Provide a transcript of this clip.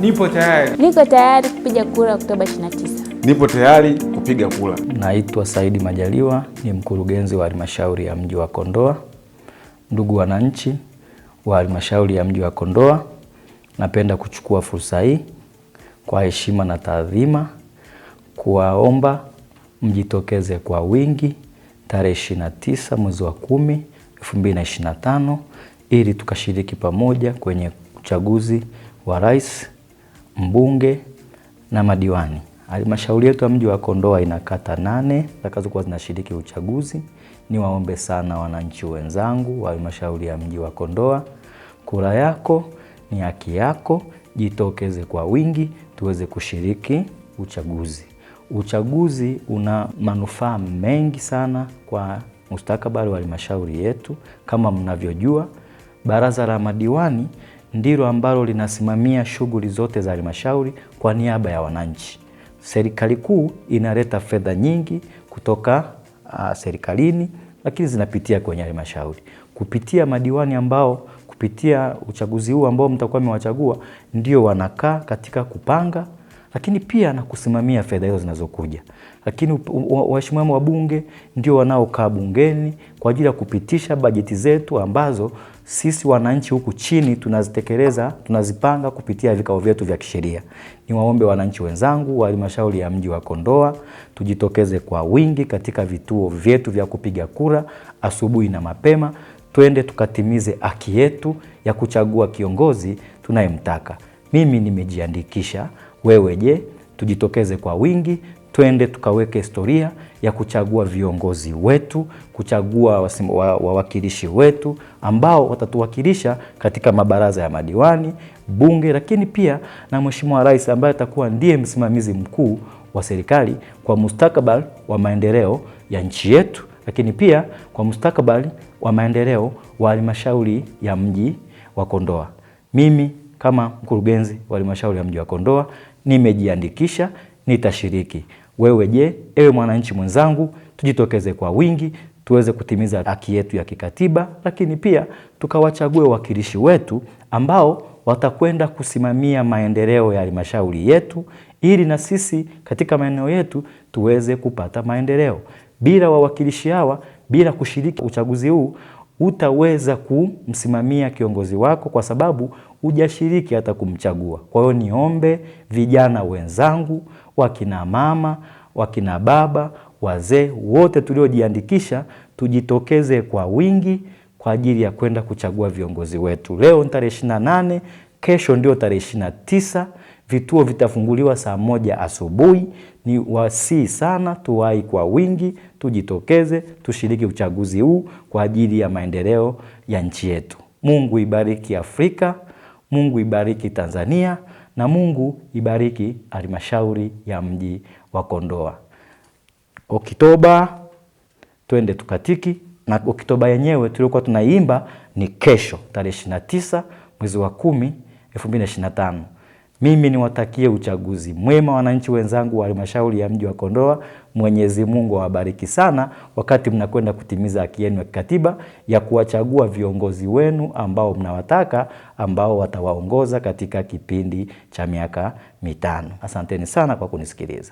Nipo tayari. Niko tayari kupiga kura Oktoba 29. Nipo tayari kupiga kura. Naitwa Saidi Majaliwa, ni mkurugenzi wa halmashauri ya mji wa Kondoa. Ndugu wananchi wa halmashauri ya mji wa Kondoa, napenda kuchukua fursa hii kwa heshima na taadhima kuwaomba mjitokeze kwa wingi tarehe 29 mwezi wa 10 2025 ili tukashiriki pamoja kwenye uchaguzi wa rais mbunge na madiwani. Halmashauri yetu ya mji wa Kondoa ina kata nane zitakazokuwa zinashiriki uchaguzi. Niwaombe sana wananchi wenzangu wa halmashauri ya mji wa Kondoa, kura yako ni haki yako, jitokeze kwa wingi tuweze kushiriki uchaguzi. Uchaguzi una manufaa mengi sana kwa mustakabali wa halmashauri yetu. Kama mnavyojua, baraza la madiwani ndilo ambalo linasimamia shughuli zote za halmashauri kwa niaba ya wananchi. Serikali kuu inaleta fedha nyingi kutoka uh, serikalini, lakini zinapitia kwenye halmashauri kupitia madiwani ambao kupitia uchaguzi huu ambao mtakuwa mmewachagua ndio wanakaa katika kupanga lakini pia na kusimamia fedha hizo zinazokuja. Lakini waheshimiwa wa bunge ndio wanaokaa bungeni kwa ajili ya kupitisha bajeti zetu ambazo sisi wananchi huku chini tunazitekeleza, tunazipanga kupitia vikao vyetu vya kisheria. Niwaombe wananchi wenzangu wa halmashauri ya mji wa Kondoa tujitokeze kwa wingi katika vituo vyetu vya kupiga kura asubuhi na mapema, twende tukatimize haki yetu ya kuchagua kiongozi tunayemtaka. Mimi nimejiandikisha. Wewe je, tujitokeze kwa wingi, twende tukaweke historia ya kuchagua viongozi wetu, kuchagua wawakilishi wetu ambao watatuwakilisha katika mabaraza ya madiwani, bunge, lakini pia na Mheshimiwa Rais ambaye atakuwa ndiye msimamizi mkuu wa serikali kwa mustakabali wa maendeleo ya nchi yetu, lakini pia kwa mustakabali wa maendeleo wa halmashauri ya mji wa Kondoa. Mimi kama mkurugenzi wa halmashauri ya mji wa Kondoa nimejiandikisha, nitashiriki. Wewe je? Ewe mwananchi mwenzangu, tujitokeze kwa wingi tuweze kutimiza haki yetu ya kikatiba, lakini pia tukawachague wawakilishi wetu ambao watakwenda kusimamia maendeleo ya halmashauri yetu, ili na sisi katika maeneo yetu tuweze kupata maendeleo. Bila wawakilishi hawa, bila kushiriki uchaguzi huu hutaweza kumsimamia kiongozi wako kwa sababu hujashiriki hata kumchagua. Kwa hiyo niombe vijana wenzangu, wakina mama, wakina baba, wazee wote tuliojiandikisha tujitokeze kwa wingi kwa ajili ya kwenda kuchagua viongozi wetu. Leo ni tarehe 28, kesho ndio tarehe 29. Vituo vitafunguliwa saa moja asubuhi. Ni wasii sana, tuwai kwa wingi, tujitokeze, tushiriki uchaguzi huu kwa ajili ya maendeleo ya nchi yetu. Mungu ibariki Afrika, Mungu ibariki Tanzania na Mungu ibariki halmashauri ya mji wa Kondoa. Oktoba twende tukatiki, na Oktoba yenyewe tuliokuwa tunaiimba ni kesho tarehe 29 mwezi wa 10 2025. Mimi niwatakie uchaguzi mwema wananchi wenzangu wa halmashauri ya mji wa Kondoa. Mwenyezi Mungu awabariki sana wakati mnakwenda kutimiza haki yenu ya kikatiba ya kuwachagua viongozi wenu ambao mnawataka, ambao watawaongoza katika kipindi cha miaka mitano. Asanteni sana kwa kunisikiliza.